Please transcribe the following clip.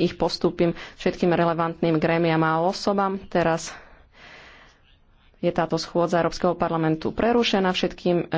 ich postupím všetkým relevantným grémiam a osobám. Teraz je táto schôdza Európskeho parlamentu prerušená všetkým.